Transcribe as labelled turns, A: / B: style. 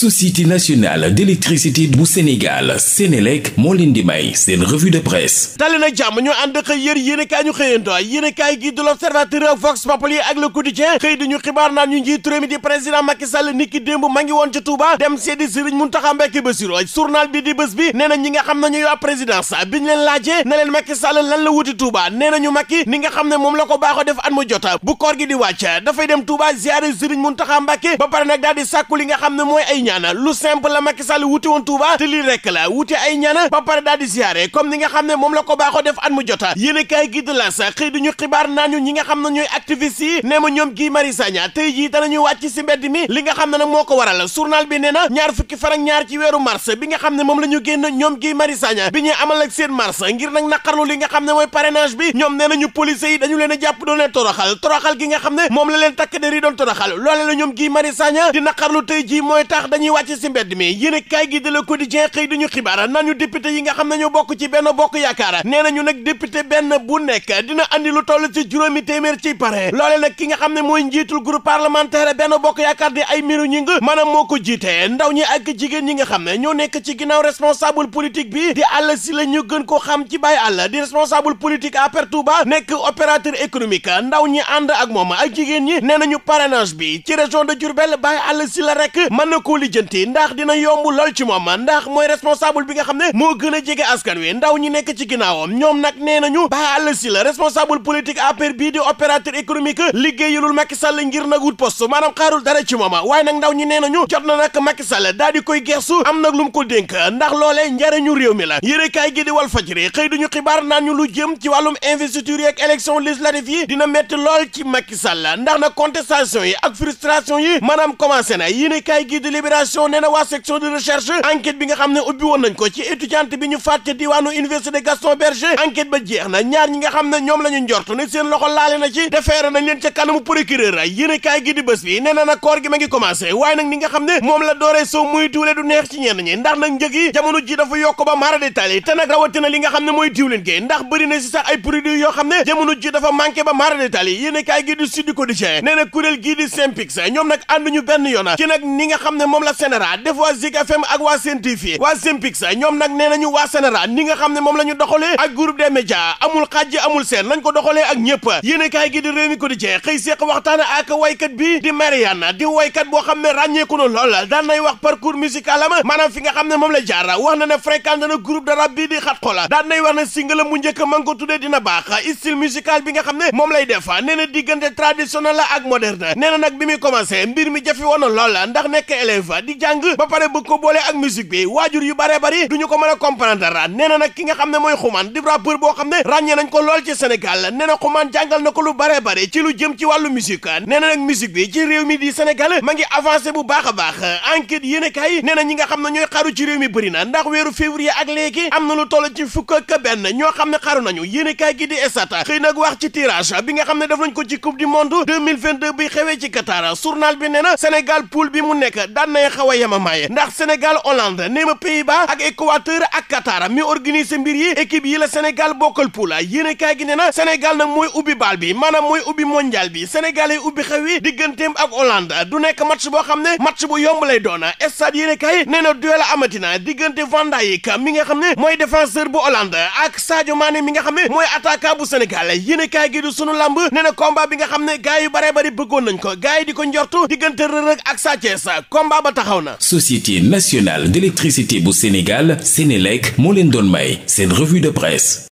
A: société nationale d'électricité bu Sénégal Sénélec moo leen di may seen revue de presse dali na jàmm ñu ànd xëy yër yéenekaay ñu xëyantoo yéenekaay gi du l'Observateur Vox Populi ak Le Quotidien xëy di ñu xibaar naan ñu njiit réew di président Macky Sall niki démb ma ngi ci Touba dem seedi Serigne Mountakha Mbacké Bassirou journal bi di bés bi nee na nga xam ne ñuy waa présidence bi ñu leen laajee ne leen lan la wuti Touba ñaana lu simple la Macky Sall wuti woon Touba te lii la wuti ay ñaana ba pare daal di siyaare comme ni nga xam ne moom la ko baaxoo def at mu jota yéen a kaay gi de la xibaar naa ñu ñi nga xam ne ñooy activiste yi nee ma ñoom Guy Marius Sagna tey jii danañu wàcc si mbedd mi li nga xam ne moo ko waral journal bi nee na ñaar fukki fan ñaar ci weeru mars bi nga xam ne moom la ñu génn ñoom Guy Marius Sagna bi ñuy amal seen mars ngir nag naqarlu li a dañuy wàcc si mbedd mi yéen a kaay gi de Le Quotidien xëy dañu xibaar naan ñu député yi nga xam ne ñu bokk ci benn bokk yaakaar nee nañu nag député benn bu nekk dina andi lu toll ci juróomi téeméer ci pare loole nag ki nga xam ne mooy njiitul groupe parlementaire benn bokk yaakaar di ay miru ñi nga maanaam moo ko jiite ndaw ñi ak jigéen ñi nga xam ne ñoo nekk ci ginnaaw responsable politique bi di àll si ñu gën ko xam ci bay àll di responsable politique à Touba nekk opérateur économique ndaw ñi ànd ak moom jigéen ñi nee nañu parrainage bi ci région de Diourbel bàyyi àll si la rek mën lijjanti ndax dina yomb lool ci moom ndax mooy responsable bi nga xam ne moo gën a jege askan wi ndaw ñi nekk ci ginnaawam ñoom nag nee nañu Bah Alla Sylla responsable politique APR bii di opérateur économique liggéeyulul Macky Sall ngir nag wut poste maanaam xaarul dara ci moom waaye nag ndaw ñi nee nañu jot na nag Macky Sall daal koy gersu am nag lu ko dénk ndax loolee njariñu réew mi la yërekaay gi di Walf Fadjri xëy duñu xibaar naan ñu lu libération nee na waa section de recherche enquête bi nga xam ne ubbi woon nañ ko ci étudiante bi ñu faat ca diwaanu université Gaston Berger enquête ba jeex na ñaar ñi nga xam ne ñoom la ñu njort ne seen loxo laale na ci defeere nañ leen ca kanamu procureur ay yéen kaay gi di bés bi nee na nag koor gi ma ngi commencé waaye nag li nga xam ne moom la dooree soo muy tuule du neex ci ñenn ñi ndax nag njëg yi jamono ji dafa yokk ba mara détaillé te nag rawatina li nga xam ne mooy diwlin gi ndax bëri na si sax ay produits yoo xam ne jamono ji dafa manqué ba mara détaillé yéen kaay gi di Sud Quotidien nee na kuréel gii di Synpics ñoom nag ànduñu benn yoon ci nag ni nga xam ne moom moom la sénéra def waa Zik FM ak waa Sen TV waa Simpix ñoom nag nee nañu waa sénéra ni xam ne moom la ñu doxalee ak groupe des médias amul xajji amul seen lañ ko doxalee ak ñëpp yéen kaay gi di réew ko di jee xëy séq waxtaan ak waykat bi di Mariana di waykat boo xam ne ràññeeku na lool daan nay wax parcours musical am maanaam fi nga xam ne moom la jaar wax ne na groupe de rap bi di xat xola daan wax ne single mu njëkk kilifa di jàng ba pare bëgg ko boole ak musique bi waajur yu bare bari duñu ko mën a comprendre ra nee na nag ki nga xam ne mooy xumaan di rappeur boo xam ne ràññee nañ ko lool ci Sénégal nee na xumaan jàngal na ko lu bare bare ci lu jëm ci wàllu musique nee na nag musique bi ci réew mi di Sénégal ma ngi avancé bu baax a baax enquête yéene kaay nee na ñi nga xam ne ñooy xaru ci réew mi bëri na ndax weeru février ak léegi am na lu toll ci fukk ak benn ñoo xam ne xaru nañu yéene kaay gi di esata xëy nag wax ci tirage bi nga xam ne def nañ ko ci coupe du monde 2022 bi xewee ci Qatar journal bi nee na Sénégal poule bi mu nekk daan damay xaw a yemamaaye ndax Sénégal Hollande a Pays-Bas ak Équateur ak Qatar mi organiser mbir yi équipe yi la Sénégal bokkal poule yéene kaay gi ne na Sénégal nag mooy ubbi baal bi maanaam mooy ubbi mondial bi Sénégal yi ubbi xew yi digganteem ak Hollande du nekk match boo xam ne match bu yomb lay doon stade yéene kaay nee na amatina diggante Van Dijk mi nga xam ne mooy défenseur bu Hollande ak Sadio Mané mi nga xam ne mooy attaquant bu Sénégal yéene kaay gi du sunu ba taxaw na. société nationale d'électricité bu Sénégal Sénélec moo leen doon may seen revue de presse.